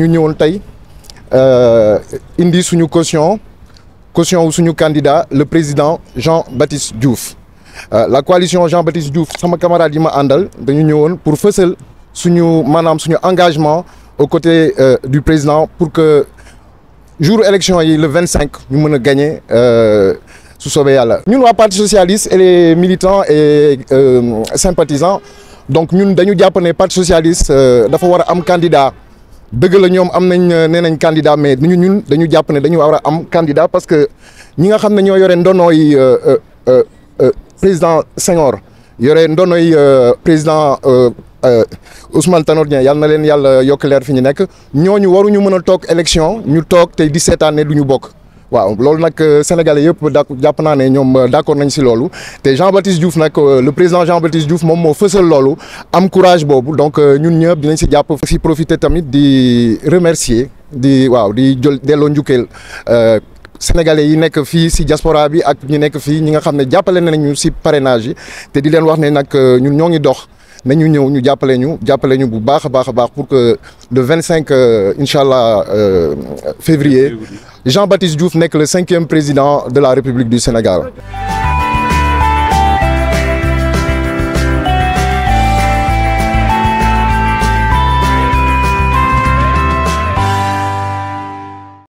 Nous avons une indi suñu caution caution wu suñu candidat le président Jean-Baptiste Diouf euh, la coalition Jean-Baptiste Diouf mon camarade yi ma pour faire suñu engagement aux côtés euh, du président pour que jour élection l'élection, le 25 nous puissions gagner euh, su soobee yàlla. Nous, le parti socialiste et les militants et sympathisants donc nous dañu jàpp parti socialiste dafa war a am candidat. Nous la ñoom am euh, candidat mais nous ñun dañu japp candidat parce que ñi nga que yi euh, euh, euh président Senghor yore président Ousmane Tanordien, Dieng na leen yalla yok leer fi ñu nek ñoñu waru élection ñu waaw loolu nak euh, sénégalais yëpp da jàpp naa ne ñoom euh, nañ si loolu te Jean Baptiste Diouf nak euh, le président Jean Baptiste Diouf moom moo fësal loolu am courage boobu donc ñun ñëpp dinañ si jàpp si profiter tamit di remercier di waaw di jël delloo njukkeel sénégalais yi nekk fii si diaspora bi ak ñi nekk fii ñi nga xam ne jàppale nañu si parrainage te di leen wax ne nag ñun ñoo ngi dox. na ñu ñëw ñu jàppale ñu jàppale ñu bu baax a baax pour que le 25 cinq février Jean-Baptiste Diouf que le cinquième président de la République du Sénégal